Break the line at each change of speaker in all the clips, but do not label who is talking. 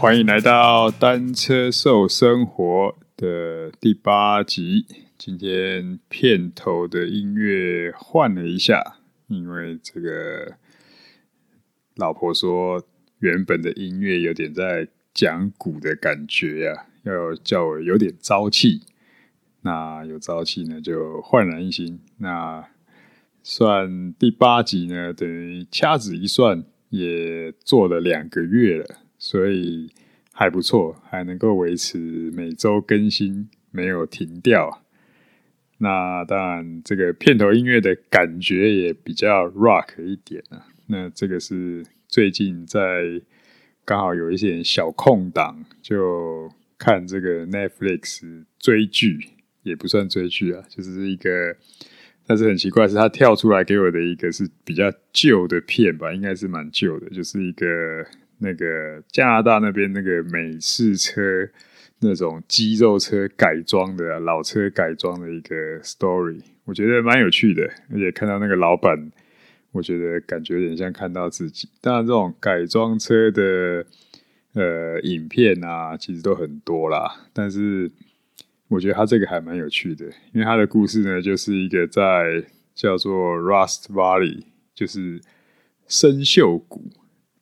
歡迎來到《單車瘦身活》的第八集。今天片頭的音樂換了一下，因為這個老婆說，原本的音樂有點在講古的感覺呀、啊，要叫我有點朝氣。那有朝氣呢，就煥然一新。那算第八集呢，等於掐指一算，也做了兩個月了。所以還不錯，還能夠維持每周更新，沒有停掉。那當然，這個片頭音樂的感覺也比較 rock 一點啊。那這個是最近在剛好有一些小空檔，就看這個 Netflix 追劇，也不算追劇啊，就是一個。但是很奇怪，是他跳出來給我的一個是比較舊的片吧，應該是蠻舊的，就是一個。那個加拿大那邊那個美式車，那種肌肉車改裝的、啊、老車改裝的一個 story，我覺得蠻有趣的，而且看到那個老板，我覺得感覺有點像看到自己。當然，這種改裝車的呃影片啊，其實都很多啦，但是我覺得他這個還蠻有趣的，因為他的故事呢，就是一個在叫做 Rust Valley，就是生鏽谷。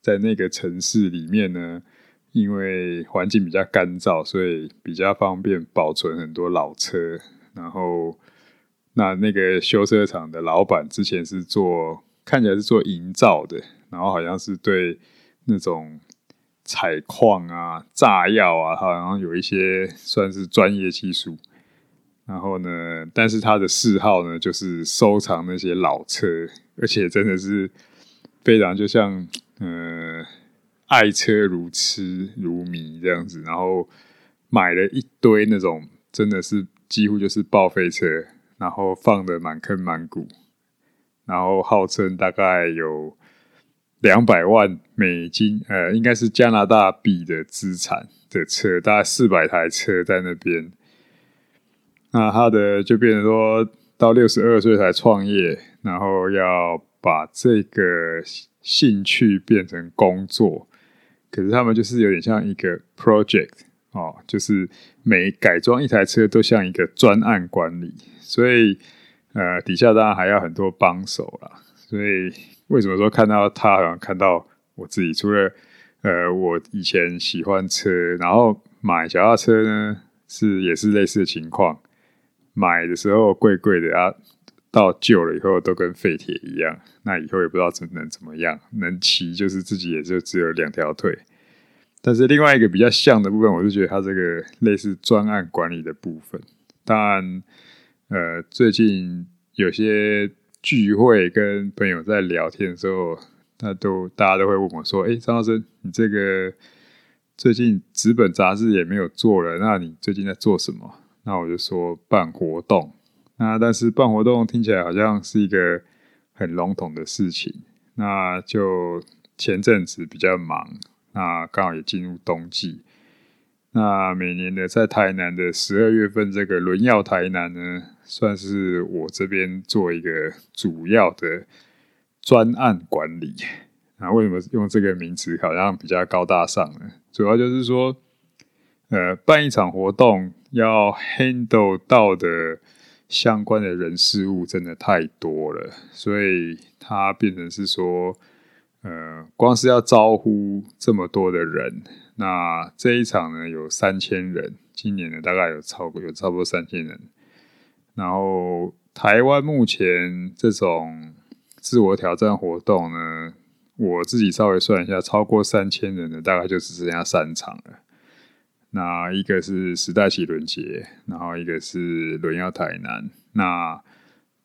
在那個城市裡面呢，因為環境比較乾燥，所以比較方便保存很多老車。然後，那那個修車廠的老闆之前是做，看起來是做營造的，然後好像是對那種採礦啊、炸藥啊，好像有一些算是專業技術。然後呢，但是他的嗜好呢，就是收藏那些老車，而且真的是非常就像。呃、嗯，愛車如痴如迷這樣子，然後買了一堆那種真的是幾乎就是報廢車，然後放得滿坑滿谷，然後號稱大概有兩百萬美金，呃，應該是加拿大幣的資產的車，大概四百台車在那邊。那他的就變成說到六十二歲才創業，然後要把這個。興趣變成工作，可是他們就是有點像一個 project 哦，就是每改裝一台車都像一個專案管理，所以呃底下當然還要很多幫手啦。所以為什麼說看到他，好像看到我自己，除了呃我以前喜歡車，然後買腳踏車呢，是也是類似的情況，買的時候貴貴的啊。到舊了以後都跟廢鐵一樣，那以後也不知道怎能怎麼樣，能騎就是自己也就只有兩條腿。但是另外一個比較像的部分，我就覺得它這個類似專案管理的部分。當然，呃，最近有些聚會跟朋友在聊天的時候，那都大家都會問我說：“誒，張老師，你這個最近紙本雜誌也沒有做了，那你最近在做什麼？”那我就說辦活動。那但是辦活動聽起來好像是一個很籠統的事情，那就前陣子比較忙，那剛好也進入冬季。那每年的在台南的十二月份這個輪躍台南呢，算是我這邊做一個主要的專案管理。那為什麼用這個名詞好像比較高大上呢？主要就是說，呃，辦一場活動要 handle 到的。相關的人事物真的太多了，所以它變成是說，呃，光是要招呼這麼多的人，那這一場呢有三千人，今年呢大概有超過有差不多三千人，然後台灣目前這種自我挑戰活動呢，我自己稍微算一下，超過三千人的大概就只剩下三場了。那一個是時代騎輪節，然後一個是輪躍台南。那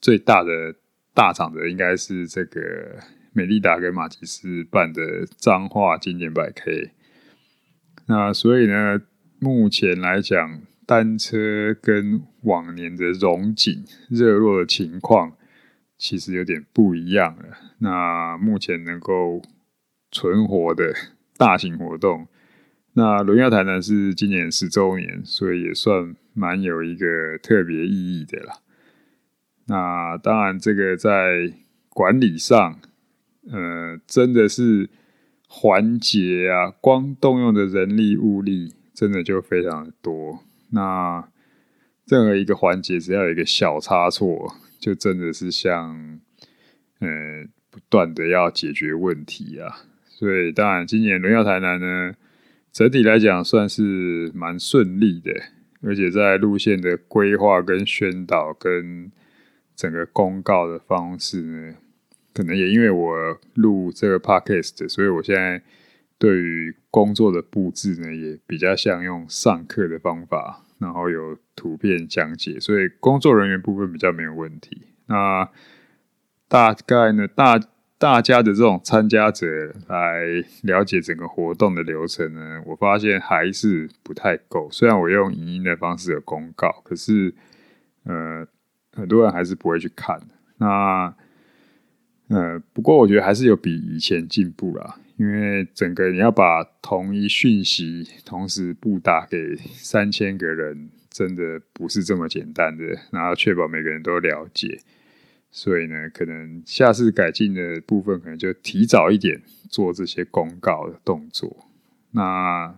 最大的大廠的應該是這個美利達跟馬吉斯辦的彰化經典百 K。那所以呢，目前來講，單車跟往年的榮景熱絡的情況，其實有點不一樣了。那目前能夠存活的大型活動。那輪躍台南是今年十週年，所以也算蠻有一個特別意義的啦。那當然，這個在管理上，呃，真的是環節啊，光動用的人力物力，真的就非常多。那任何一個環節，只要有一個小差錯，就真的是像，呃，不斷的要解決問題啊。所以，當然，今年輪躍台南呢。整體來講算是蠻順利的，而且在路線的規劃、跟宣導、跟整個公告的方式呢，可能也因為我錄這個 podcast，所以我現在對於工作的布置呢，也比較像用上課的方法，然後有圖片講解，所以工作人員部分比較沒有問題。那大概呢，大。大家的這種參加者來了解整個活動的流程呢，我發現還是不太夠。雖然我用影音的方式有公告，可是呃，很多人還是不會去看。那呃，不過我覺得還是有比以前進步了，因為整個你要把同一訊息同時布達給三千個人，真的不是這麼簡單的，然後確保每個人都了解。所以呢，可能下次改進的部分，可能就提早一點做這些公告的動作。那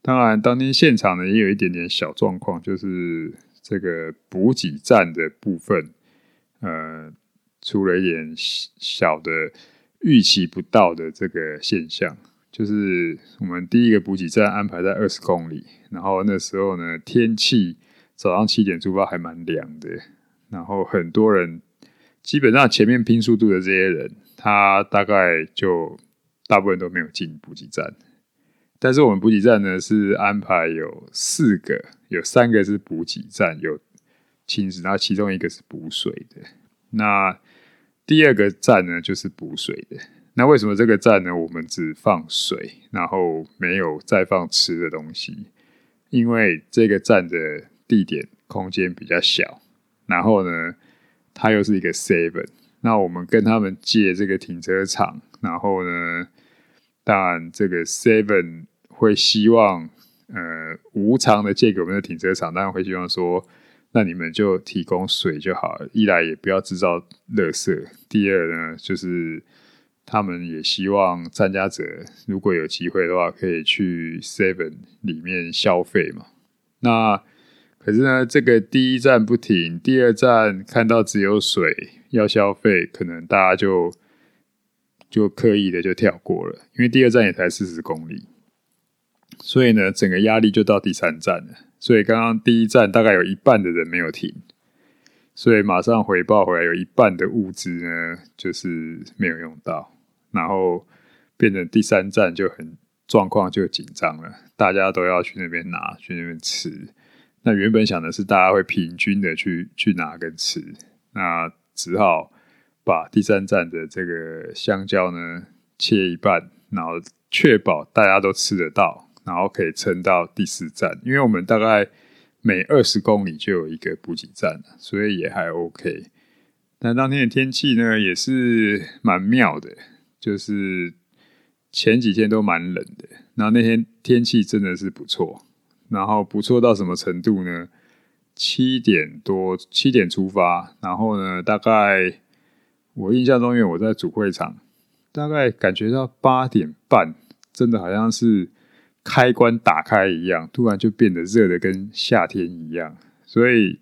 當然，當天現場呢也有一點點小狀況，就是這個補給站的部分，呃，出了一點小的預期不到的這個現象，就是我們第一個補給站安排在二十公里，然後那時候呢天氣早上七點出發還蠻涼的，然後很多人。基本上前面拼速度的這些人，他大概就大部分都沒有進補給站。但是我們補給站呢，是安排有四個，有三個是補給站，有輕食，然後其中一個是補水的。那第二個站呢，就是補水的。那為什麼這個站呢，我們只放水，然後沒有再放吃的東西？因為這個站的地點空間比較小，然後呢？他又是一個 Seven，那我們跟他們借這個停車場，然後呢，當然這個 Seven 會希望，呃，無償的借給我們的停車場，當然會希望說，那你們就提供水就好，一來也不要製造垃圾，第二呢，就是他們也希望參加者如果有機會的話，可以去 Seven 裡面消費嘛，那。可是呢，這個第一站不停，第二站看到只有水要消費，可能大家就就刻意的就跳過了，因為第二站也才四十公里，所以呢，整個壓力就到第三站了。所以剛剛第一站大概有一半的人沒有停，所以馬上回報回來，有一半的物資呢就是沒有用到，然後變成第三站就很狀況就緊張了，大家都要去那邊拿，去那邊吃。那原本想的是大家會平均的去去拿跟吃，那只好把第三站的這個香蕉呢切一半，然後確保大家都吃得到，然後可以撐到第四站。因為我們大概每二十公里就有一個補給站，所以也還 OK。那當天的天氣呢也是蠻妙的，就是前幾天都蠻冷的，然後那天天氣真的是不錯。然後不錯到什麼程度呢？七點多，七點出發，然後呢，大概我印象中，因為我在主會場，大概感覺到八點半，真的好像是開關打開一樣，突然就變得熱的跟夏天一樣。所以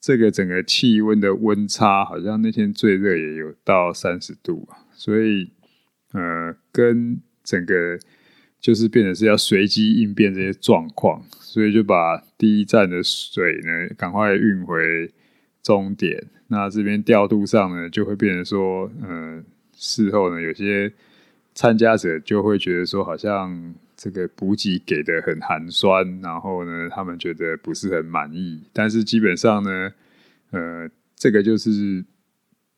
這個整個氣溫的溫差，好像那天最熱也有到三十度，所以呃，跟整個。就是變得是要隨機應變這些狀況，所以就把第一站的水呢趕快運回終點。那這邊調度上呢，就會變成說，嗯、呃，事後呢，有些參加者就會覺得說，好像這個補給給得很寒酸，然後呢，他們覺得不是很滿意。但是基本上呢，呃，這個就是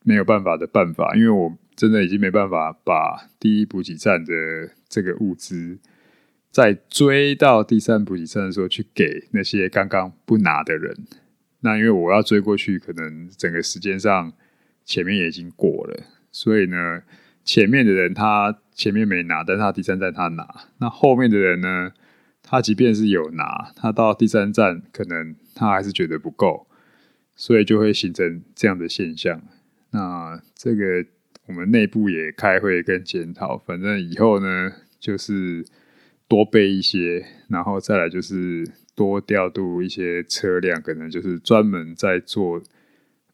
沒有辦法的辦法，因為我真的已經沒辦法把第一補給站的。這個物資在追到第三補給站的時候，去給那些剛剛不拿的人。那因為我要追過去，可能整個時間上前面也已經過了，所以呢，前面的人他前面沒拿，但是他第三站他拿。那後面的人呢，他即便是有拿，他到第三站可能他還是覺得不夠，所以就會形成這樣的現象。那這個我們內部也開會跟檢討，反正以後呢。就是多備一些，然後再來就是多調度一些車輛，可能就是專門在做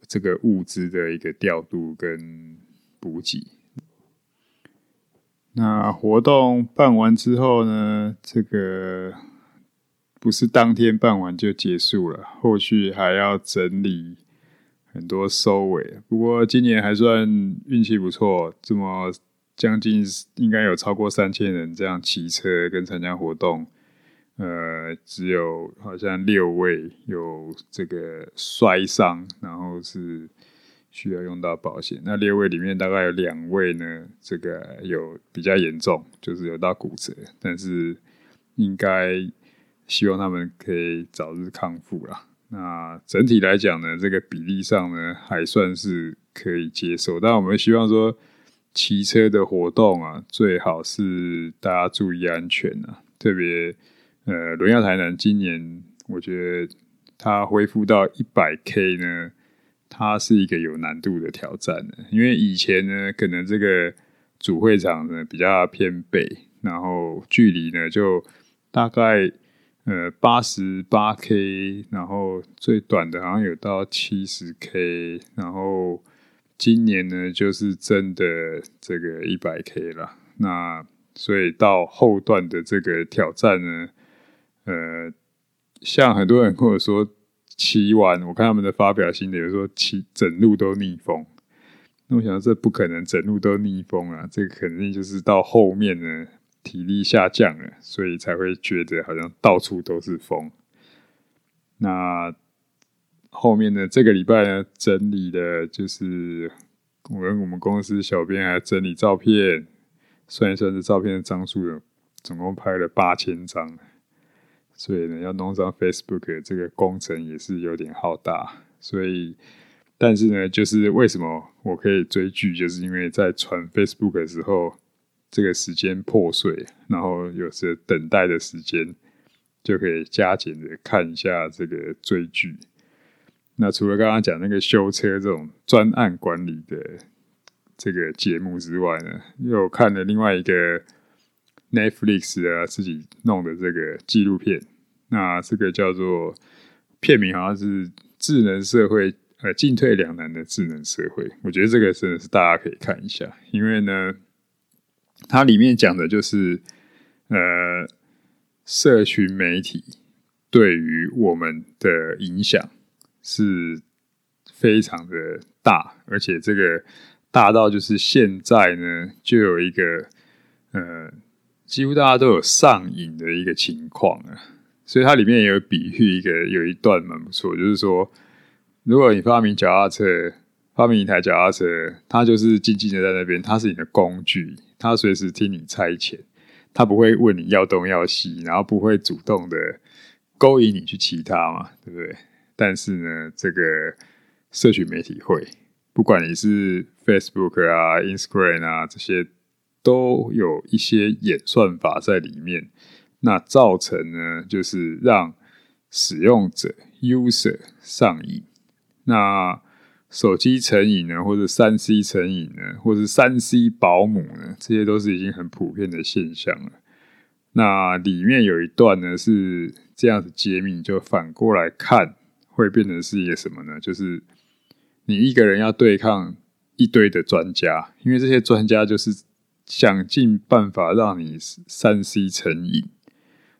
這個物資的一個調度跟補給。那活動辦完之後呢，這個不是當天辦完就結束了，後續還要整理很多收尾。不過今年還算運氣不錯，這麼，將近應該有超過三千人這樣騎車跟參加活動，呃，只有好像六位有這個摔傷，然後是需要用到保險。那六位裡面大概有兩位呢，這個有比較嚴重，就是有到骨折，但是應該希望他們可以早日康復啦。那整體來講呢，這個比例上呢，還算是可以接受。但我們希望說。騎車的活動啊，最好是大家注意安全啊。特別，呃，輪躍台南今年，我覺得它恢復到一百 K 呢，它是一個有難度的挑戰的。因為以前呢，可能這個主會場呢比較偏北，然後距離呢就大概呃八十八 K，然後最短的好像有到七十 K，然後。今年呢，就是真的這個一百 K 了。那所以到後段的這個挑戰呢，呃，像很多人跟我說騎完，我看他們的發表心得，有時候騎整路都逆風。那我想這不可能整路都逆風啊，這個肯定就是到後面呢體力下降了，所以才會覺得好像到處都是風。那。後面呢，這個禮拜呢，整理的就是我跟我們公司小編啊整理照片，算一算這照片的張數，總共拍了八千張，所以呢，要弄上 Facebook 這個工程也是有點浩大。所以，但是呢，就是為什麼我可以追劇，就是因為在傳 Facebook 的時候，這個時間破碎，然後有時等待的時間就可以加緊的看一下這個追劇。那除了剛剛講那個修車這種專案管理的這個節目之外呢，又看了另外一個 Netflix 啊自己弄的這個紀錄片。那這個叫做片名好像是“智能社會”呃，進退兩難的智能社會。我覺得這個真的是大家可以看一下，因為呢，它裡面講的就是呃，社群媒體對於我們的影響。是非常的大，而且這個大到就是現在呢，就有一個呃，幾乎大家都有上癮的一個情況啊。所以它裡面也有比喻一個有一段蠻不錯，就是說，如果你發明腳踏車，發明一台腳踏車，它就是靜靜的在那邊，它是你的工具，它隨時聽你差遣，它不會問你要東要西，然後不會主動的勾引你去騎它嘛，對不對？但是呢，這個社群媒體會，不管你是 Facebook 啊、Instagram 啊這些，都有一些演算法在裡面，那造成呢，就是讓使用者 user 上癮，那手機成癮呢，或者三 C 成癮呢，或者三 C, C 保姆呢，這些都是已經很普遍的現象了。那裡面有一段呢是這樣子揭秘，就反過來看。會變成是一個什麼呢？就是你一個人要對抗一堆的專家，因為這些專家就是想盡辦法讓你三 C 成癮，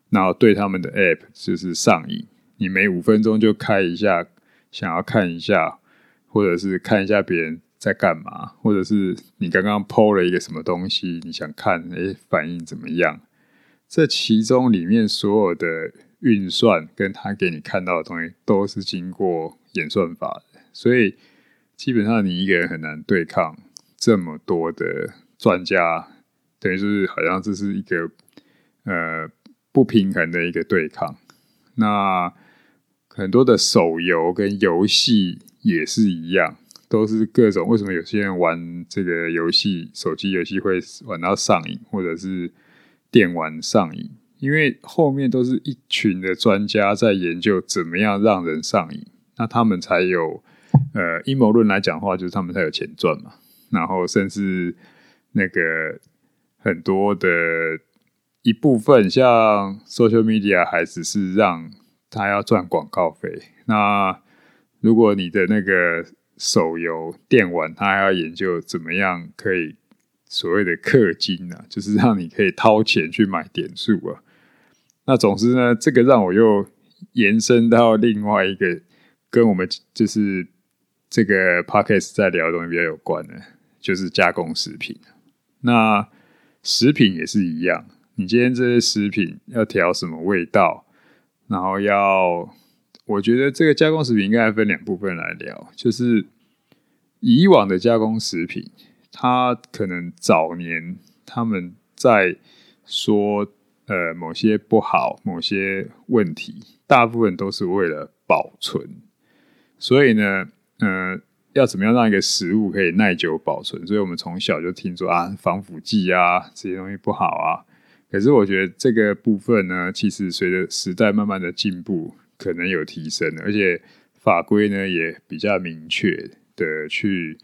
然後對他們的 App 就是上癮。你每五分鐘就開一下，想要看一下，或者是看一下別人在幹嘛，或者是你剛剛 PO 了一個什麼東西，你想看，哎、欸，反應怎麼樣？這其中裡面所有的。運算跟他給你看到的東西都是經過演算法的，所以基本上你一個人很難對抗這麼多的專家，等於就是好像這是一個呃不平衡的一個對抗。那很多的手遊跟遊戲也是一樣，都是各種為什麼有些人玩這個遊戲手機遊戲會玩到上癮，或者是電玩上癮。因為後面都是一群的專家在研究怎麼樣讓人上癮，那他們才有，呃，陰謀論來講的話，就是他們才有錢賺嘛。然後甚至那個很多的一部分，像 social media 還只是讓他要賺廣告費。那如果你的那個手遊、電玩，他還要研究怎麼樣可以所謂的氪金呢、啊？就是讓你可以掏錢去買點數啊。那總之呢，這個讓我又延伸到另外一個跟我們就是這個 podcast 在聊的東西比較有關的，就是加工食品。那食品也是一樣，你今天這些食品要調什麼味道，然後要，我覺得這個加工食品應該分兩部分來聊，就是以往的加工食品，它可能早年他們在說。呃，某些不好，某些問題，大部分都是為了保存。所以呢，呃，要怎麼樣讓一個食物可以耐久保存？所以我們從小就聽說啊，防腐劑啊這些東西不好啊。可是我覺得這個部分呢，其實隨着時代慢慢的進步，可能有提升，而且法規呢也比較明確的去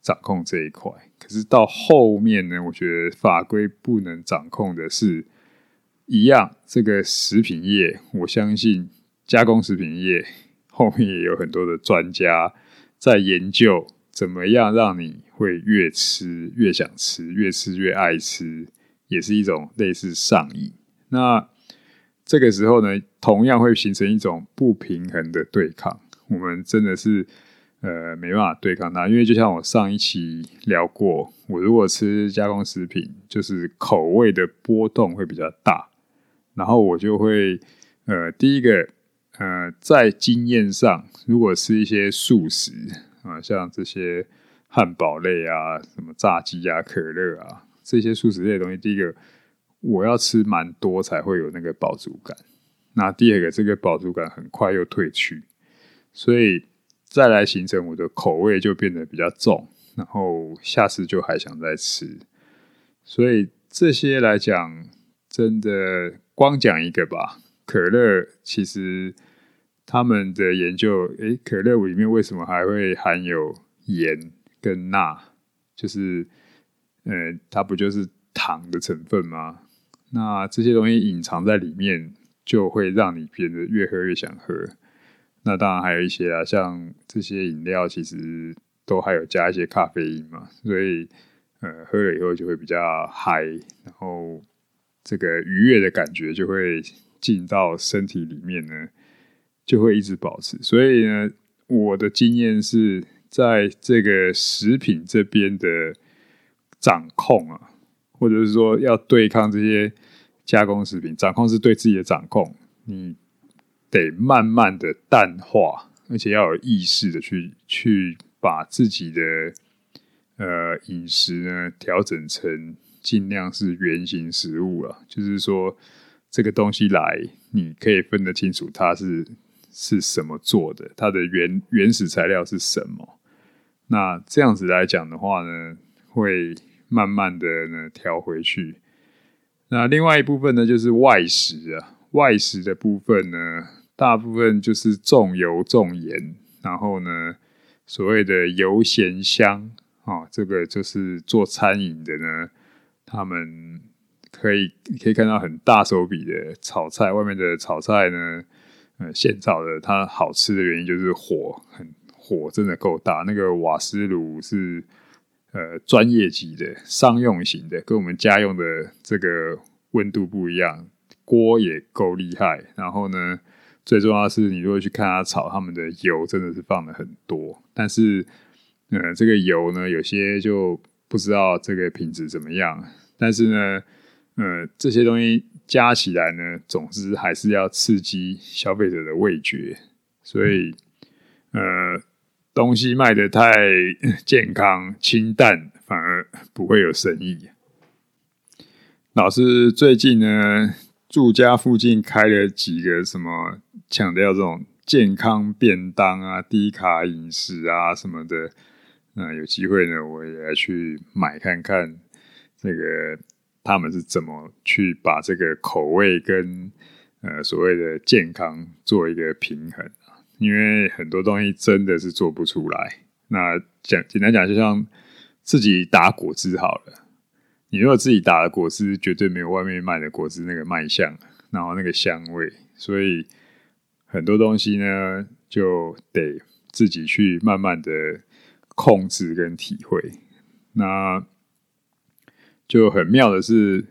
掌控這一塊。可是到後面呢，我覺得法規不能掌控的是。一樣，這個食品業，我相信加工食品業後面也有很多的專家在研究，怎麼樣讓你會越吃越想吃，越吃越愛吃，也是一種類似上癮。那這個時候呢，同樣會形成一種不平衡的對抗。我們真的是呃沒辦法對抗它，因為就像我上一期聊過，我如果吃加工食品，就是口味的波動會比較大。然後我就會，呃，第一個，呃，在經驗上，如果吃一些速食啊，像這些漢堡類啊、什麼炸雞啊、可樂啊這些速食類的東西，第一個我要吃蠻多才會有那個飽足感。那第二個，這個飽足感很快又退去，所以再來形成我的口味就變得比較重，然後下次就還想再吃。所以這些來講，真的。光講一個吧，可樂其實他們的研究，哎、欸，可樂裡面為什麼還會含有鹽跟鈉？就是，嗯、呃，它不就是糖的成分嗎？那這些東西隱藏在裡面，就會讓你變得越喝越想喝。那當然還有一些啊，像這些飲料，其實都還有加一些咖啡因嘛，所以，呃，喝了以後就會比較嗨，然後。這個愉悅的感覺就會進到身體裡面呢，就會一直保持。所以呢，我的經驗是，在這個食品這邊的掌控啊，或者是說要對抗這些加工食品，掌控是對自己的掌控，你得慢慢的淡化，而且要有意識的去去把自己的呃飲食呢調整成。盡量是原型食物了，啊，就是說這個東西來，你可以分得清楚它是是什麼做的，它的原原始材料是什麼。那這樣子來講的話呢，會慢慢的呢調回去。那另外一部分呢，就是外食啊，外食的部分呢，大部分就是重油重鹽，然後呢，所謂的油鹹香啊，這個就是做餐飲的呢。他們可以可以看到很大手筆的炒菜，外面的炒菜呢，呃，現炒的，它好吃的原因就是火很，火真的夠大。那個瓦斯爐是呃專業級的商用型的，跟我們家用的這個溫度不一樣，鍋也夠厲害。然後呢，最重要的是，你如果去看他炒，他們的油真的是放的很多，但是呃，這個油呢，有些就不知道這個品質怎麼樣？但是呢，呃，這些東西加起來呢，總之還是要刺激消費者的味覺，所以，呃，東西賣得太健康清淡，反而不會有生意。老師最近呢，住家附近開了幾個什麼強調這種健康便當啊、低卡飲食啊什麼的，那有機會呢，我也來去買看看。這個他們是怎麼去把這個口味跟呃所謂的健康做一個平衡啊？因為很多東西真的是做不出來。那簡簡單講，就像自己打果汁好了，你如果自己打的果汁，絕對沒有外面賣的果汁那個賣相，然後那個香味。所以很多東西呢，就得自己去慢慢的控制跟體會。那。就很妙的是，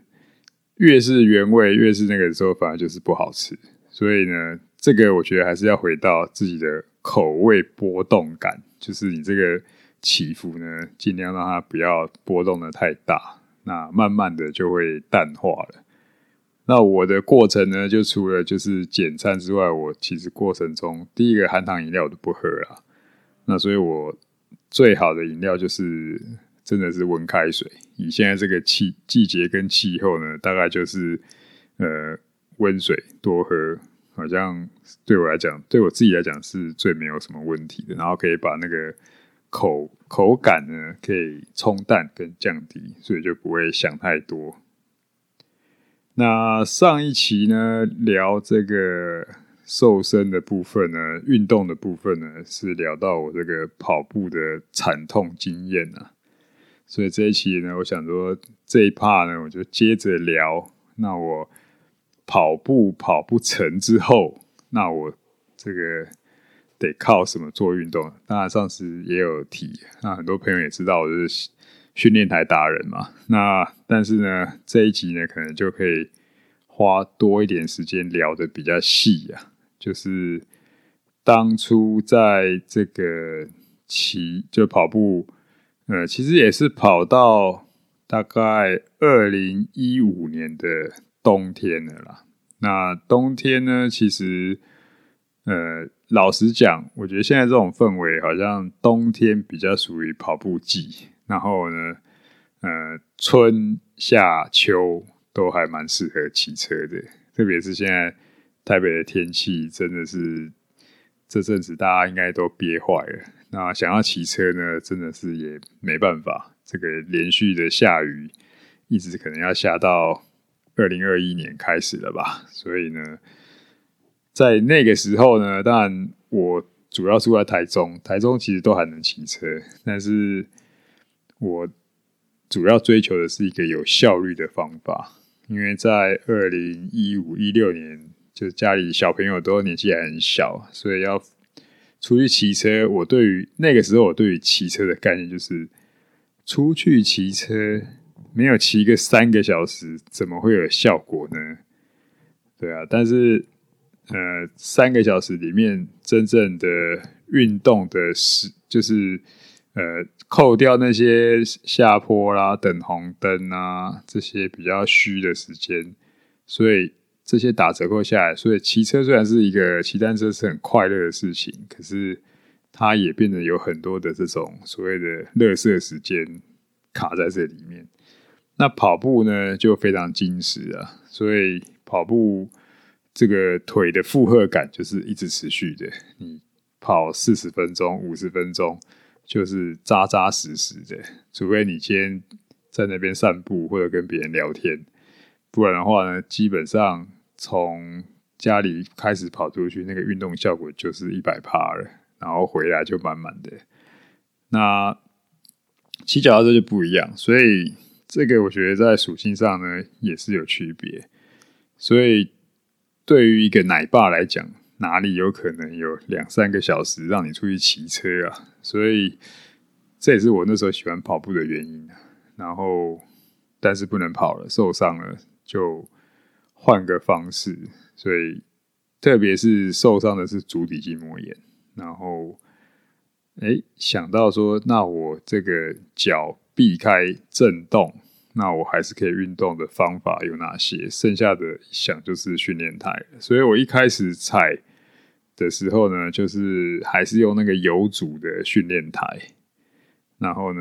越是原味，越是那個時候反而就是不好吃。所以呢，這個我覺得還是要回到自己的口味波動感，就是你這個起伏呢，儘量讓它不要波動的太大，那慢慢的就會淡化了。那我的過程呢，就除了就是減餐之外，我其實過程中第一個含糖飲料我都不喝了。那所以我最好的飲料就是。真的是溫開水。以現在這個氣季節跟氣候呢，大概就是，呃，溫水多喝，好像對我來講，對我自己來講是最沒有什麼問題的。然後可以把那個口口感呢，可以沖淡跟降低，所以就不會想太多。那上一期呢，聊這個瘦身的部分呢，運動的部分呢，是聊到我這個跑步的慘痛經驗啊。所以這一期呢，我想說這一趴呢，我就接着聊。那我跑步跑不成之後，那我這個得靠什麼做運動？當然上次也有提，那很多朋友也知道我是訓練台達人嘛。那但是呢，這一集呢，可能就可以花多一點時間聊得比較細啊。就是當初在這個騎就跑步。呃，其實也是跑到大概二零一五年的冬天了啦。那冬天呢，其實呃，老實講，我覺得現在這種氛圍，好像冬天比較屬於跑步季，然後呢，呃，春夏秋都還蠻適合騎車的。特別是現在台北的天氣，真的是這陣子大家應該都憋壞了。那想要騎車呢，真的是也沒辦法。這個連續的下雨，一直可能要下到二零二一年開始了吧。所以呢，在那個時候呢，當然我主要住在台中，台中其實都還能騎車。但是我主要追求的是一個有效率的方法，因為在二零一五、一六年，就是家裡小朋友都年紀還很小，所以要，出去騎車，我對於那個時候，我對於騎車的概念就是，出去騎車沒有騎個三個小時，怎麼會有效果呢？對啊，但是呃，三個小時裡面真正的運動的時，就是呃，扣掉那些下坡啦、啊、等紅燈啊這些比較虛的時間，所以。這些打折扣下來，所以騎車雖然是一個騎單車是很快樂的事情，可是它也變得有很多的這種所謂的垃圾時間卡在這裡面。那跑步呢，就非常精實啊，所以跑步這個腿的負荷感就是一直持續的。你跑四十分鐘、五十分鐘，就是扎扎實實的，除非你今天在那邊散步或者跟別人聊天，不然的話呢，基本上。從家裡開始跑出去，那個運動效果就是一百趴了，然後回來就滿滿的。那騎腳踏車就不一樣，所以這個我覺得在屬性上呢，也是有區別。所以對於一個奶爸來講，哪裡有可能有兩三個小時讓你出去騎車啊？所以這也是我那時候喜歡跑步的原因。然後，但是不能跑了，受傷了就。換個方式，所以特別是受傷的是足底筋膜炎，然後哎、欸、想到說，那我這個腳避開震動，那我還是可以運動的方法有哪些？剩下的想就是訓練台，所以我一開始踩的時候呢，就是還是用那個有阻的訓練台，然後呢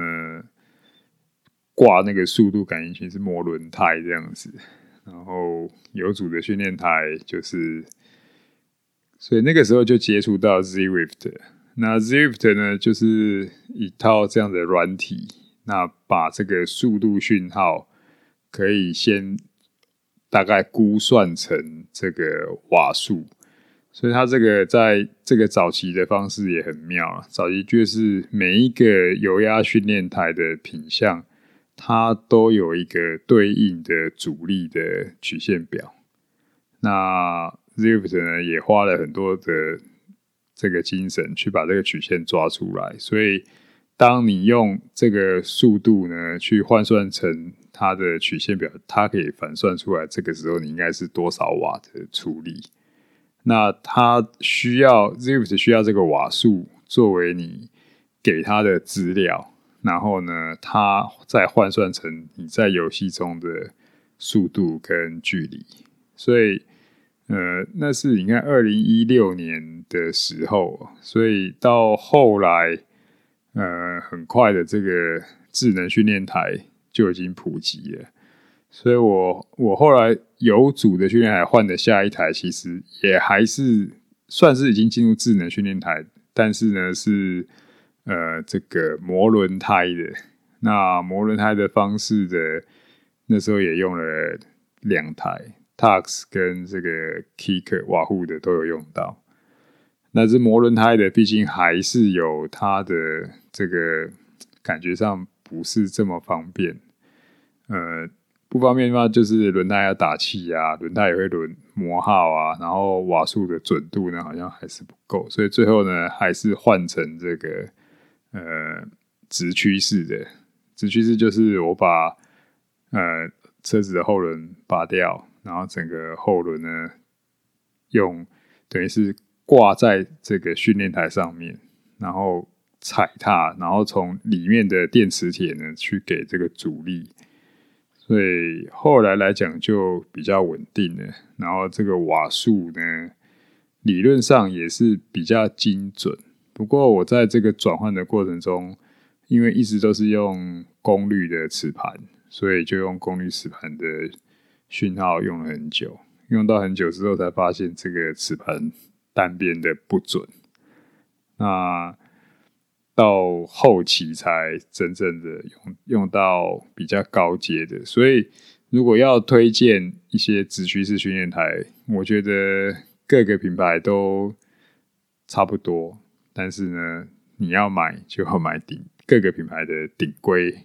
掛那個速度感應器是磨輪胎這樣子。然後有組的訓練台就是，所以那個時候就接觸到 Zwift。那 Zwift 呢，就是一套這樣的軟體，那把這個速度訊號可以先大概估算成這個瓦數，所以它這個在這個早期的方式也很妙，早期就是每一個油壓訓練台的品相。它都有一個對應的阻力的曲線表，那 Zwift 呢，也花了很多的這個精神去把這個曲線抓出來，所以當你用這個速度呢去換算成它的曲線表，它可以反算出來這個時候你應該是多少瓦的出力。那它需要 Zwift 需要這個瓦數作為你給它的資料。然後呢，它再換算成你在遊戲中的速度跟距離，所以呃，那是你看二零一六年的時候，所以到後來呃，很快的這個智能訓練台就已經普及了。所以我我後來有組的訓練台換的下一台，其實也還是算是已經進入智能訓練台，但是呢是。呃，這個磨輪胎的，那磨輪胎的方式的,那時候也用了兩台 Tacx 跟這個 Kickr Wahoo 的都有用到。那這磨輪胎的，畢竟還是有它的這個感覺上不是這麼方便。呃，不方便的話就是輪胎要打氣啊，輪胎也會輪磨耗啊，然後瓦數的準度呢好像還是不夠，所以最後呢還是換成這個。呃，直驅式的，直驅式就是我把呃車子的後輪拔掉，然後整個後輪呢用等於是掛在這個訓練台上面，然後踩踏，然後從裡面的電磁鐵呢去給這個阻力，所以後來來講就比較穩定了。然後這個瓦數呢，理論上也是比較精準。不過我在這個轉換的過程中，因為一直都是用功率的磁盤，所以就用功率磁盤的訊號用了很久，用到很久之後才發現這個磁盤單邊的不準。那到後期才真正的用用到比較高階的，所以如果要推薦一些直驅式訓練台，我覺得各個品牌都差不多。但是呢，你要買就要買頂各個品牌的頂規，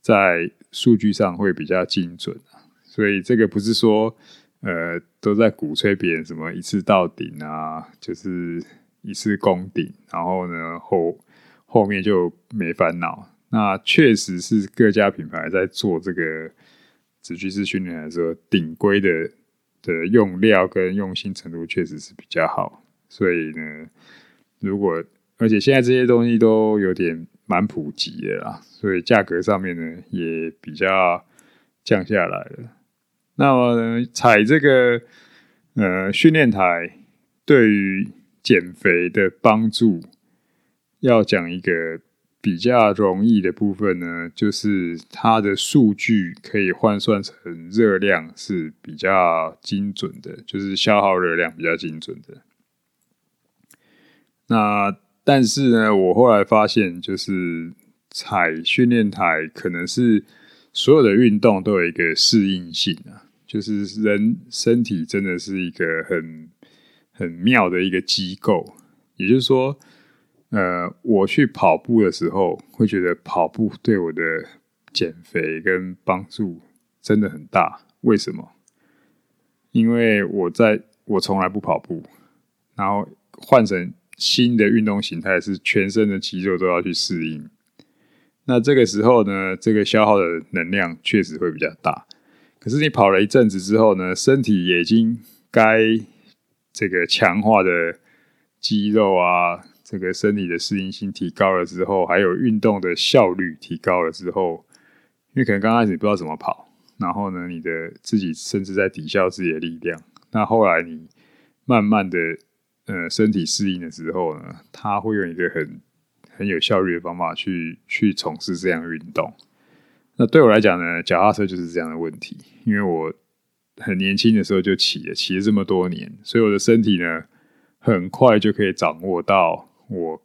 在數據上會比較精準啊，所以這個不是說，呃，都在鼓吹別人什麼一次到頂啊，就是一次攻頂，然後呢後後面就沒煩惱。那確實是各家品牌在做這個直驅式訓練的時候，頂規的的用料跟用心程度確實是比較好，所以呢。如果，而且現在這些東西都有點蠻普及的啦，所以價格上面呢也比較降下來了。那麼呢，踩這個呃訓練台對於減肥的幫助，要講一個比較容易的部分呢，就是它的數據可以換算成熱量是比較精準的，就是消耗熱量比較精準的。那但是呢，我後來發現，就是踩訓練台可能是所有的運動都有一個適應性啊，就是人身體真的是一個很很妙的一個機構。也就是說，呃，我去跑步的時候，會覺得跑步對我的減肥跟幫助真的很大。為什麼？因為我在我從來不跑步，然後換成。新的運動形態是全身的肌肉都要去適應，那這個時候呢，這個消耗的能量確實會比較大。可是你跑了一陣子之後呢，身體也已經該這個強化的肌肉啊，這個身體的適應性提高了之後，還有運動的效率提高了之後，因為可能剛開始你不知道怎麼跑，然後呢，你的自己甚至在抵消自己的力量，那後來你慢慢的。呃，身體適應的時候呢，他會用一個很很有效率的方法去去從事這樣的運動。那對我來講呢，腳踏車就是這樣的問題，因為我很年輕的時候就騎了，騎了這麼多年，所以我的身體呢，很快就可以掌握到我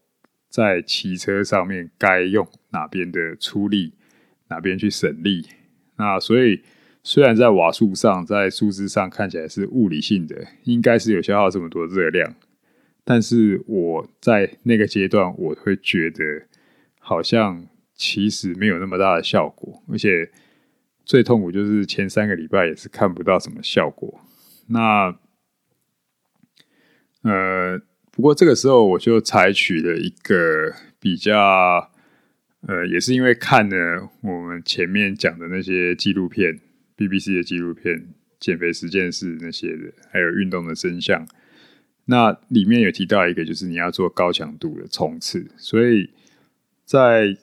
在騎車上面該用哪邊的出力，哪邊去省力。那所以雖然在瓦數上，在數字上看起來是物理性的，應該是有消耗這麼多熱量。但是我在那個階段，我會覺得好像其實沒有那麼大的效果，而且最痛苦就是前三個禮拜也是看不到什麼效果。那呃，不過這個時候我就採取了一個比較呃，也是因為看了我們前面講的那些紀錄片，BBC 的紀錄片、減肥實踐室那些的，還有運動的真相。那裡面有提到一個，就是你要做高強度的衝刺，所以在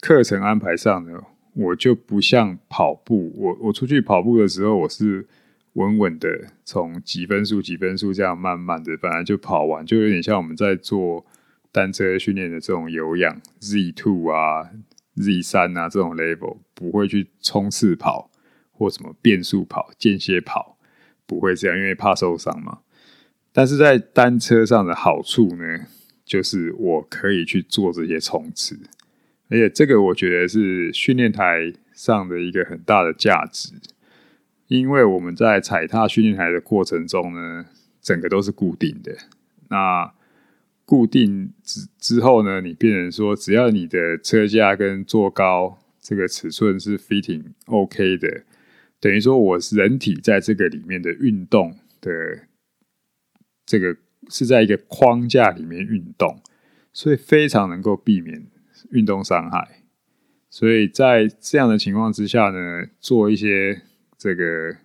課程安排上呢，我就不像跑步，我我出去跑步的時候，我是穩穩的從幾分數幾分數這樣慢慢的，本來就跑完，就有點像我們在做單車訓練的這種有氧 Z two 啊 Z 三啊這種 level，不會去衝刺跑或什麼變速跑、間歇跑，不會這樣，因為怕受傷嘛。但是在單車上的好處呢，就是我可以去做這些衝刺，而且這個我覺得是訓練台上的一個很大的價值，因為我們在踩踏訓練台的過程中呢，整個都是固定的。那固定之之後呢，你變成說，只要你的車架跟坐高這個尺寸是 fitting OK 的，等於說我是人體在這個裡面的運動的。這個是在一個框架裡面運動，所以非常能夠避免運動傷害。所以在這樣的情況之下呢，做一些這個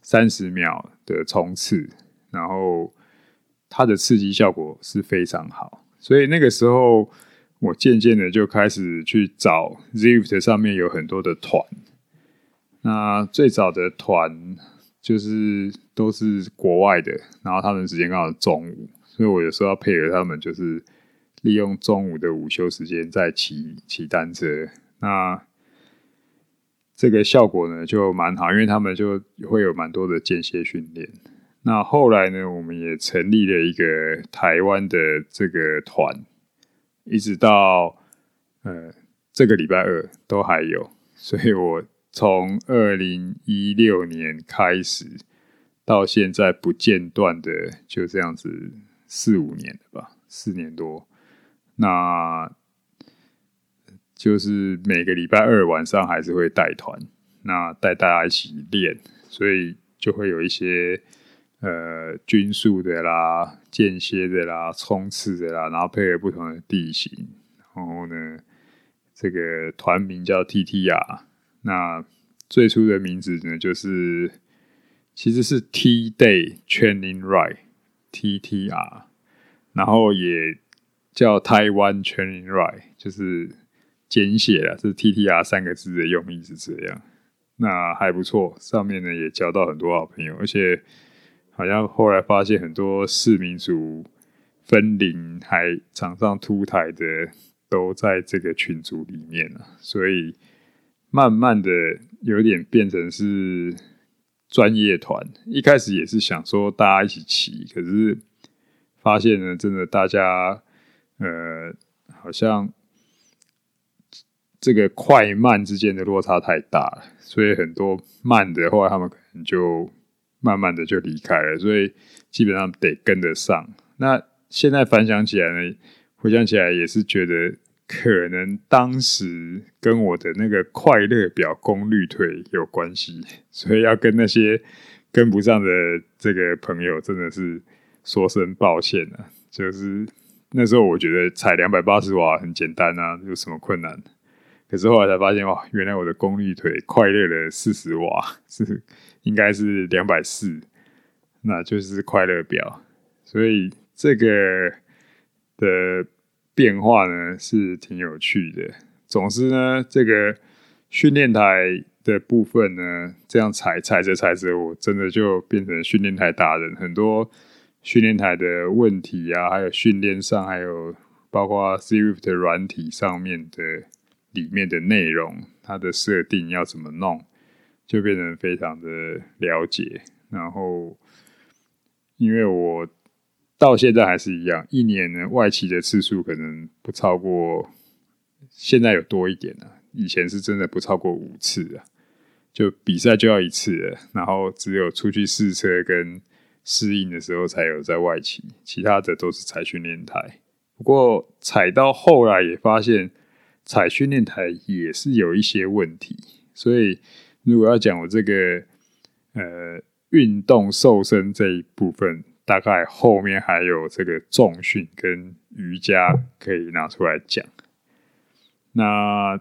三十秒的衝刺，然後它的刺激效果是非常好。所以那個時候，我漸漸的就開始去找 Zwift 上面有很多的團。那最早的團。就是都是國外的，然後他們時間剛好中午，所以我有時候要配合他們，就是利用中午的午休時間在騎騎單車。那這個效果呢就蠻好，因為他們就會有蠻多的間歇訓練。那後來呢，我們也成立了一個台灣的這個團，一直到呃這個禮拜二都還有，所以我。從二零一六年開始到現在不間斷的就這樣子四五年吧，四年多。那就是每個禮拜二晚上還是會帶團，那帶大家一起練，所以就會有一些呃均速的啦、間歇的啦、衝刺的啦，然後配合不同的地形。然後呢，這個團名叫 TTR。那最初的名字呢，就是其實是 T-Day Training Ride, TTR 然後也叫台灣 Training Ride 就是簡寫了是 TTR 三個字的用意是這樣。那還不錯，上面呢也交到很多好朋友，而且好像後來發現很多市民族分林還場上出台的都在這個群組裡面了，所以。慢慢的有點變成是專業團，一開始也是想說大家一起騎，可是發現呢，真的大家呃，好像這個快慢之間的落差太大了，所以很多慢的話，他們可能就慢慢的就離開了，所以基本上得跟得上。那現在反想起來呢，回想起來也是覺得。可能當時跟我的那個快樂表功率腿有關係，所以要跟那些跟不上的這個朋友真的是說聲抱歉啊！就是那時候我覺得踩兩百八十瓦很簡單啊，有什麼困難？可是後來才發現哇，原來我的功率腿快樂了四十瓦，是應該是兩百四，那就是快樂表，所以這個的。變化呢是挺有趣的。總之呢，這個訓練台的部分呢，這樣踩踩着踩着，我真的就變成訓練台達人。很多訓練台的問題啊，還有訓練上，還有包括 Zwift 軟體上面的裡面的內容，它的設定要怎麼弄，就變成非常的了解。然後，因為我。到現在還是一樣，一年呢外騎的次數可能不超過，現在有多一點了，啊。以前是真的不超過五次了、啊、就比賽就要一次了，然後只有出去試車跟適應的時候才有在外騎，其他的都是踩訓練台。不過踩到後來也發現，踩訓練台也是有一些問題，所以如果要講我這個呃運動瘦身這一部分。大概後面還有這個重訓跟瑜伽可以拿出來講，那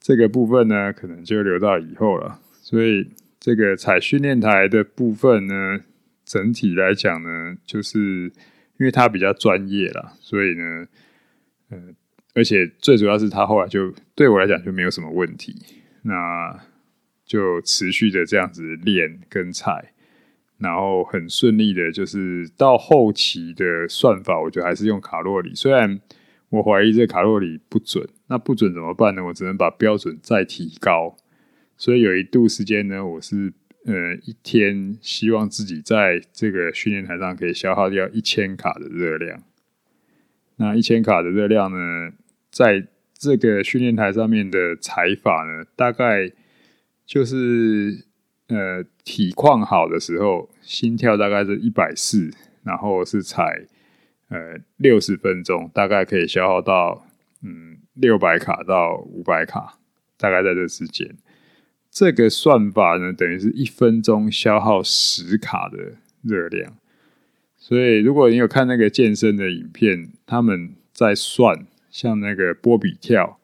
這個部分呢，可能就留到以後了。所以這個踩訓練台的部分呢，整體來講呢，就是因為他比較專業啦，所以呢，嗯，而且最主要是他後來就對我來講就沒有什麼問題，那就持續的這樣子練跟踩。然後很順利的，就是到後期的算法，我覺得還是用卡路里。雖然我懷疑這卡路里不準，那不準怎麼辦呢？我只能把標準再提高。所以有一度時間呢，我是呃一天希望自己在這個訓練台上可以消耗掉一千卡的熱量。那一千卡的熱量呢，在這個訓練台上面的踩法呢，大概就是。呃，體況好的時候，心跳大概是一百四，然後是踩，呃，六十分鐘大概可以消耗到，嗯，六百卡到五百卡，大概在這之間。這個算法呢，等於是一分鐘消耗十卡的熱量。所以如果你有看那個健身的影片，他們在算，像那個波比跳，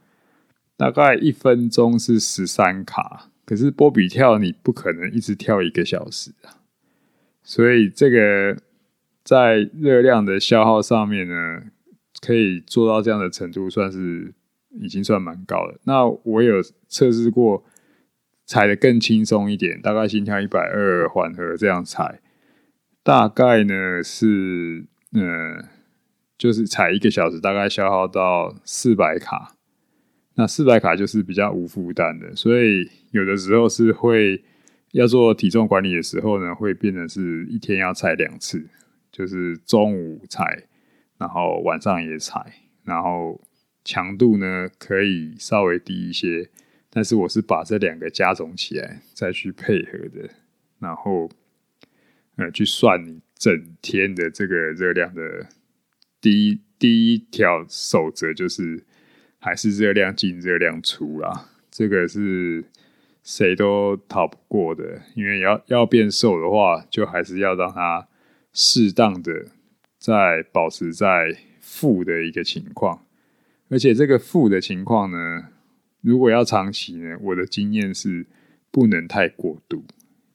大概一分鐘是十三卡。可是波比跳你不可能一直跳一個小時啊，所以這個在熱量的消耗上面呢，可以做到這樣的程度，算是已經算蠻高了。那我有測試過踩得更輕鬆一點，大概心跳一百二，緩和這樣踩，大概呢是嗯、呃，就是踩一個小時，大概消耗到四百卡。那四百卡就是比較無負擔的，所以有的時候是會要做體重管理的時候呢，會變成是一天要踩兩次，就是中午踩，然後晚上也踩，然後強度呢可以稍微低一些，但是我是把這兩個加總起來再去配合的，然後呃去算你整天的這個熱量的第一第一條守則就是。還是熱量進，熱量出啦、啊，這個是誰都逃不過的。因為要要變瘦的話，就還是要讓它適當的再保持在負的一個情況，而且這個負的情況呢，如果要長期呢，我的經驗是不能太過度，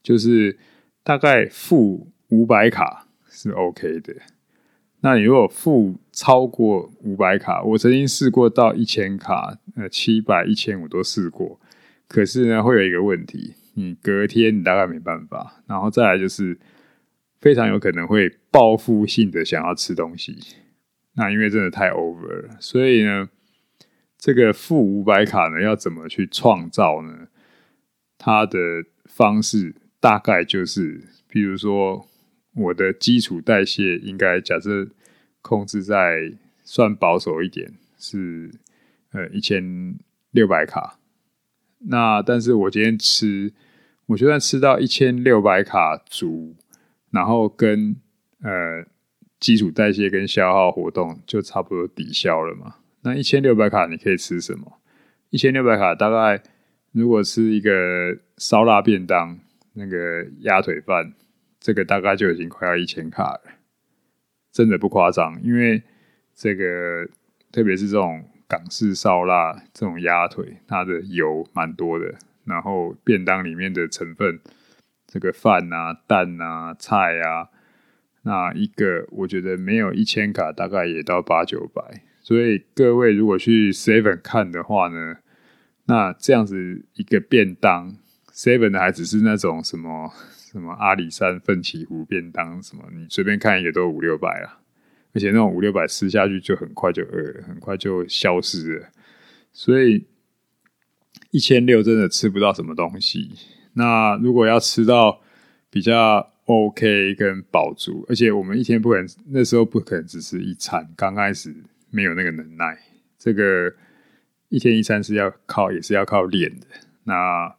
就是大概負五百卡是 OK 的。那你如果負超過五百卡，我曾經試過到一千卡，呃，七百、一千我都試過，可是呢，會有一個問題，你隔天你大概沒辦法，然後再來就是非常有可能會報復性的想要吃東西，那因為真的太 over 了，所以呢，這個負五百卡呢要怎麼去創造呢？它的方式大概就是，比如說。我的基礎代謝應該假設控制在算保守一點是呃一千六百卡，那但是我今天吃，我就算吃到一千六百卡足，然後跟呃基礎代謝跟消耗活動就差不多抵消了嘛。那一千六百卡你可以吃什麼？一千六百卡大概如果吃一個燒臘便當，那個鴨腿飯。這個大概就已經快要一千卡了，真的不誇張。因為這個，特別是這種港式燒臘、這種鴨腿，它的油蠻多的。然後便當裡面的成分，這個飯啊、蛋啊、菜啊，那一個我覺得沒有一千卡，大概也到八九百。所以各位如果去 seven 看的話呢，那這樣子一個便當，seven 的還只是那種什麼。什麼阿里山奮起湖便當什麼，你隨便看一個都五六百啦，而且那種五六百吃下去就很快就餓了，很快就消失了。所以一千六真的吃不到什麼東西。那如果要吃到比較 OK 跟飽足，而且我們一天不可能那時候不可能只吃一餐，剛開始沒有那個能耐。這個一天一餐是要靠也是要靠練的。那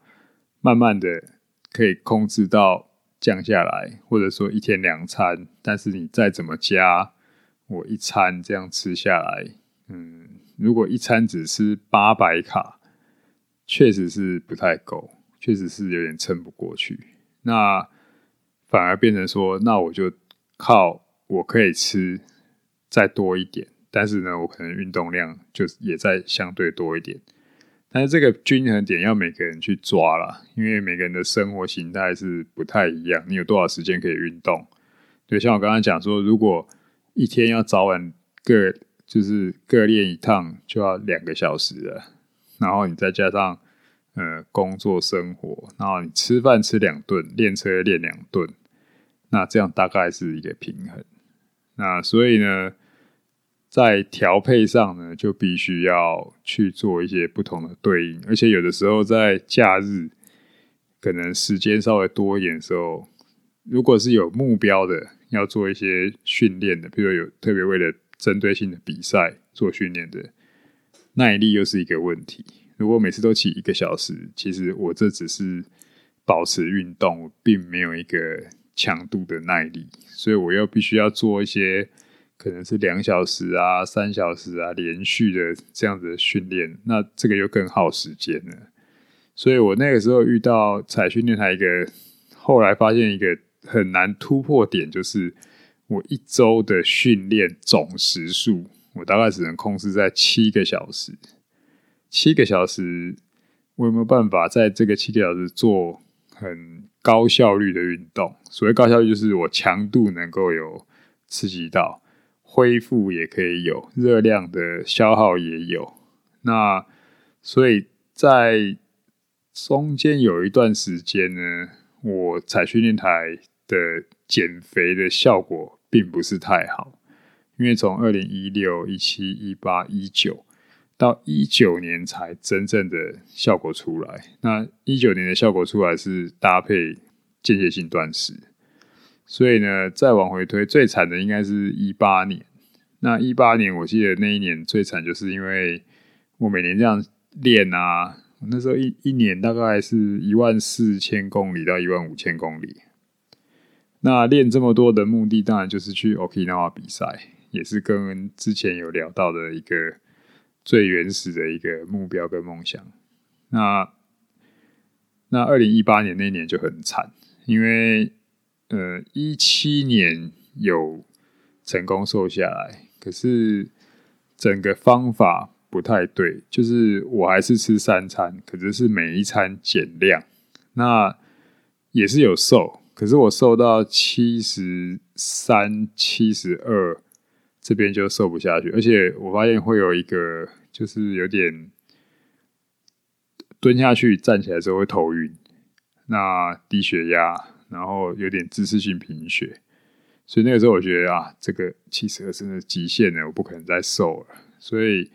慢慢的。可以控制到降下來，或者說一天兩餐，但是你再怎麼加，我一餐這樣吃下來，嗯，如果一餐只吃八百卡，確實是不太夠，確實是有點撐不過去。那反而變成說，那我就靠我可以吃再多一點，但是呢，我可能運動量就也再相對多一點。但這個均衡點要每個人去抓啦，因為每個人的生活形態是不太一樣。你有多少時間可以運動？對，就像我剛剛講說，如果一天要早晚各就是各練一趟，就要兩個小時了。然後你再加上呃工作生活，然後你吃飯吃兩頓，練車練兩頓，那這樣大概是一個平衡。那所以呢，在調配上呢，就必須要去做一些不同的對應，而且有的時候在假日，可能時間稍微多一點的時候，如果是有目標的，要做一些訓練的，比如有特別為了針對性的比賽做訓練的，耐力又是一個問題。如果每次都騎一個小時，其實我這只是保持運動，並沒有一個強度的耐力，所以我又必須要做一些。可能是兩小時啊，三小時啊，連續的這樣子的訓練，那這個就更耗時間了。所以我那個時候遇到踩訓練台一個，後來發現一個很難突破點，就是我一周的訓練總時數，我大概只能控制在七個小時。七個小時，我有沒有辦法在這個七個小時做很高效率的運動？所謂高效率，就是我強度能夠有刺激到。恢復也可以有熱量的消耗也有，那所以在中間有一段時間呢，我踩訓練台的減肥的效果並不是太好，因為從二零一六、一七、一八、一九到一九年才真正的效果出來，那一九年的效果出來是搭配間歇性斷食。所以呢，再往回推，最慘的應該是一八年。那一八年，我記得那一年最慘，就是因為我每年這樣練啊，那時候一一年大概是一萬四千公里到一萬五千公里。那練這麼多的目的，當然就是去 Okinawa 比賽，也是跟之前有聊到的一個最原始的一個目標跟夢想。那那二零一八年那一年就很慘，因為。呃，一七年有成功瘦下來，可是整個方法不太對，就是我還是吃三餐，可是是每一餐減量，那也是有瘦，可是我瘦到七十三、七十二，這邊就瘦不下去，而且我發現會有一個，就是有點蹲下去、站起來的時候會頭暈，那低血壓。然後有點姿勢性貧血，所以那個時候我覺得啊，這個其實是極限了，我不可能再瘦了。所以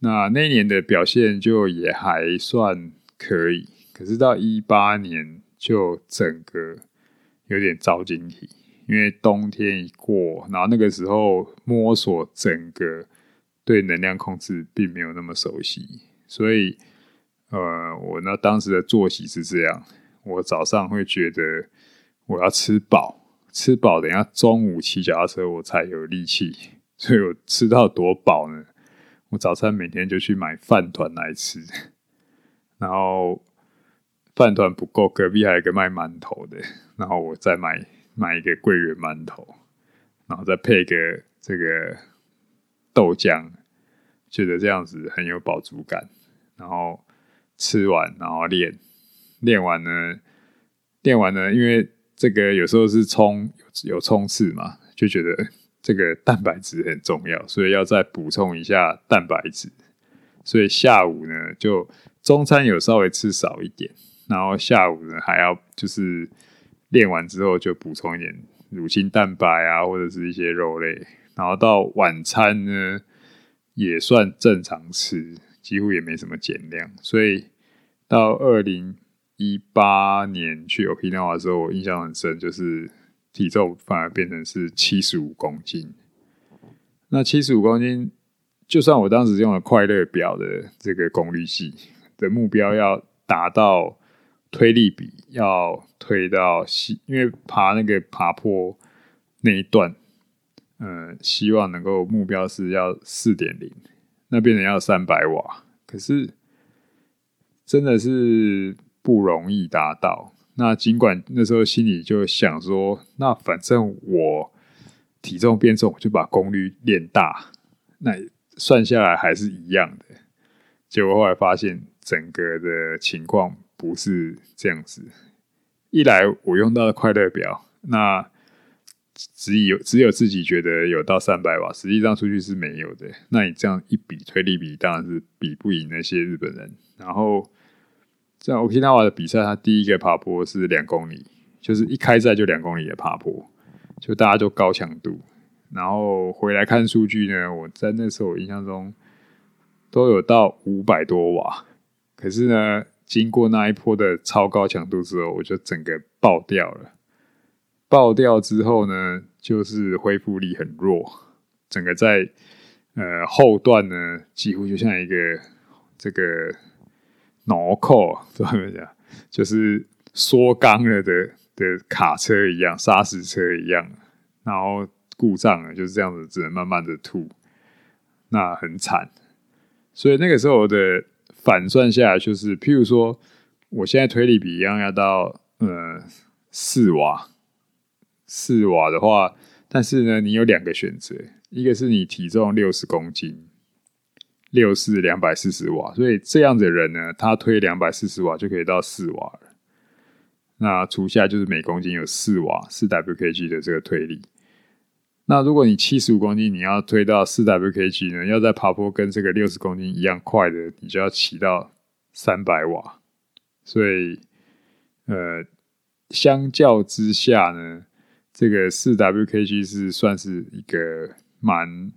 那那年的表現就也還算可以，可是到一八年就整個有點遭晶體，因為冬天一過，然後那個時候摸索整個對能量控制並沒有那麼熟悉，所以呃，我那當時的作息是這樣。我早上會覺得我要吃飽，吃飽等下中午騎腳踏車我才有力氣，所以我吃到多飽呢？我早餐每天就去買飯糰來吃，然後飯糰不夠，隔壁還有一個賣饅頭的，然後我再買買一個桂圓饅頭，然後再配一個這個豆漿，覺得這樣子很有飽足感。然後吃完，然後練。練完呢，練完呢，因為這個有時候是衝，有衝刺嘛，就覺得這個蛋白質很重要，所以要再補充一下蛋白質。所以下午呢，就中餐有稍微吃少一點，然後下午呢還要就是練完之後就補充一點乳清蛋白啊，或者是一些肉類。然後到晚餐呢，也算正常吃，幾乎也沒什麼減量。所以到二零。一八年去有皮帶的時候，我印象很深，就是體重反而變成是七十五公斤。那七十五公斤，就算我當時用了快樂表的這個功率計的目標要達到推力比要推到，因為爬那個爬坡那一段，嗯，希望能夠目標是要四點零，那變成要三百瓦，可是真的是，不容易達到。那儘管那時候心裡就想說，那反正我體重變重，就把功率練大。那算下來還是一樣的。結果後來發現，整個的情況不是這樣子。一來我用到的快樂表，那只有只有自己覺得有到三百瓦，實際上出去是沒有的。那你這樣一比，推力比當然是比不贏那些日本人。然後。在沖繩的比賽，它第一個爬坡是兩公里，就是一開賽就兩公里的爬坡，就大家就高強度。然後回來看數據呢，我在那時候我印象中都有到五百多瓦。可是呢，經過那一波的超高強度之後，我就整個爆掉了。爆掉之後呢，就是恢復力很弱，整個在呃後段呢，幾乎就像一個這個。腦殼、對、就是縮缸了的的卡車一樣，砂石車一樣，然後故障了，就是這樣子，只能慢慢的吐，那很慘。所以那個時候我的反算下來，就是譬如說，我現在推力比一樣要到呃四瓦，四瓦的話，但是呢，你有兩個選擇，一個是你體重六十公斤。六四兩百四十瓦，所以這樣的人呢，他推兩百四十瓦就可以到四瓦了。那除下就是每公斤有四瓦四 wkg 的這個推力。那如果你七十五公斤，你要推到四 wkg 呢？要在爬坡跟這個六十公斤一樣快的，你就要騎到三百瓦。所以，呃，相較之下呢，這個四 wkg 是算是一個蠻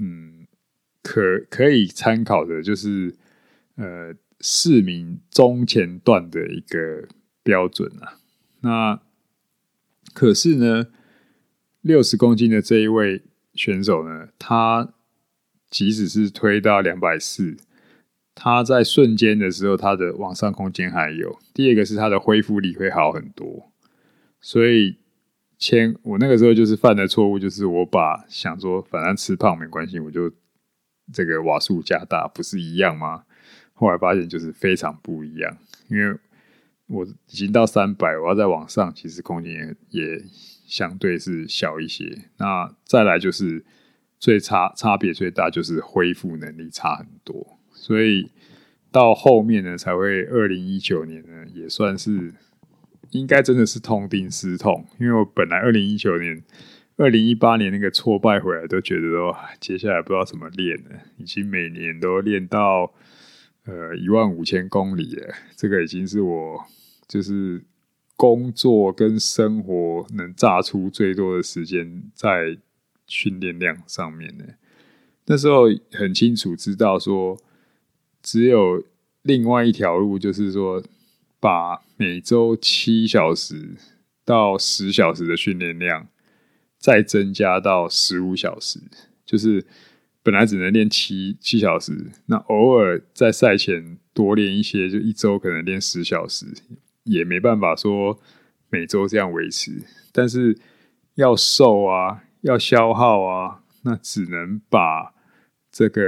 嗯。可可以參考的就是，呃，市民中前段的一個標準啊。那可是呢，六十公斤的這一位選手呢，他即使是推到兩百四，他在瞬間的時候，他的往上空間還有。第二個是他的恢復力會好很多。所以，千我那個時候就是犯的錯誤，就是我把想說，反正吃胖沒關係，我就。這個瓦數加大不是一樣嗎？後來發現就是非常不一樣，因為我已經到三百，我要再往上，其實空間也，也相對是小一些。那再來就是最差，差別最大就是恢復能力差很多，所以到後面呢，才會二零一九年呢，也算是應該真的是痛定思痛，因為我本來二零一九年。二零一八年那個挫敗回來，都覺得說接下來不知道怎麼練了，已經每年都練到呃一萬五千公里了，這個已經是我就是工作跟生活能榨出最多的時間在訓練量上面了。那時候很清楚知道說，只有另外一條路，就是說把每周七小時到十小時的訓練量，再增加到十五小時，就是本來只能練七七小時，那偶爾在賽前多練一些，就一周可能練十小時，也沒辦法說每周這樣維持。但是要瘦啊，要消耗啊，那只能把這個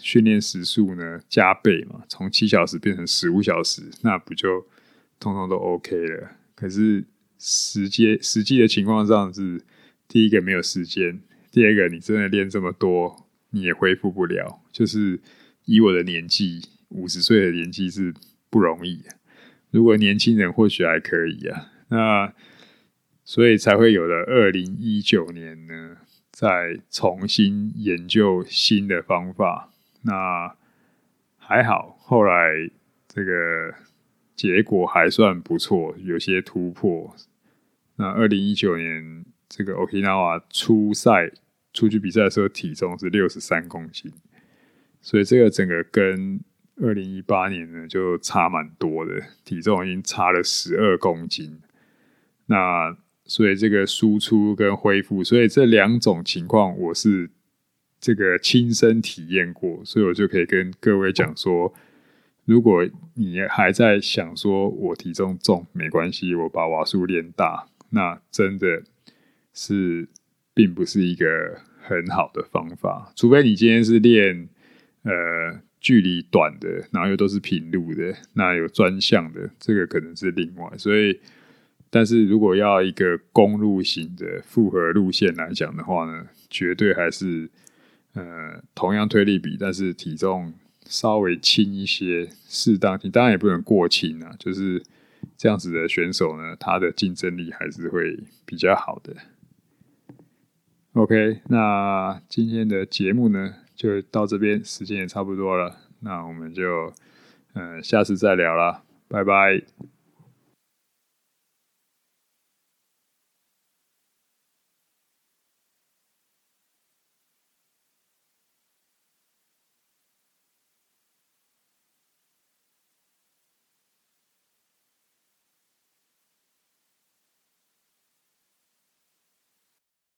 訓練時數呢加倍嘛，從七小時變成十五小時，那不就通通都 OK 了？可是時間，實際的情況上是。第一個沒有時間，第二個你真的練這麼多，你也恢復不了。就是以我的年紀，五十歲的年紀是不容易啊。如果年輕人或許還可以啊，那所以才會有了二零一九年呢，再重新研究新的方法。那還好，後來這個結果還算不錯，有些突破。那二零一九年。這個 Okinawa、ok、初賽出去比賽的時候，體重是六十三公斤，所以這個整個跟二零一八年呢就差蠻多的，體重已經差了十二公斤。那所以這個輸出跟恢復，所以這兩種情況我是這個親身體驗過，所以我就可以跟各位講說，如果你還在想說我體重重沒關係，我把瓦數練大，那真的。是，並不是一個很好的方法，除非你今天是練呃距離短的，然後又都是平路的，那有專項的，這個可能是另外。所以，但是如果要一個公路型的複合路線來講的話呢，絕對還是呃同樣推力比，但是體重稍微輕一些，適當你當然也不能過輕啊。就是這樣子的選手呢，他的競爭力還是會比較好的。OK，那今天的節目呢，就到這邊，時間也差不多了。那我們就，嗯、呃，下次再聊啦，拜拜。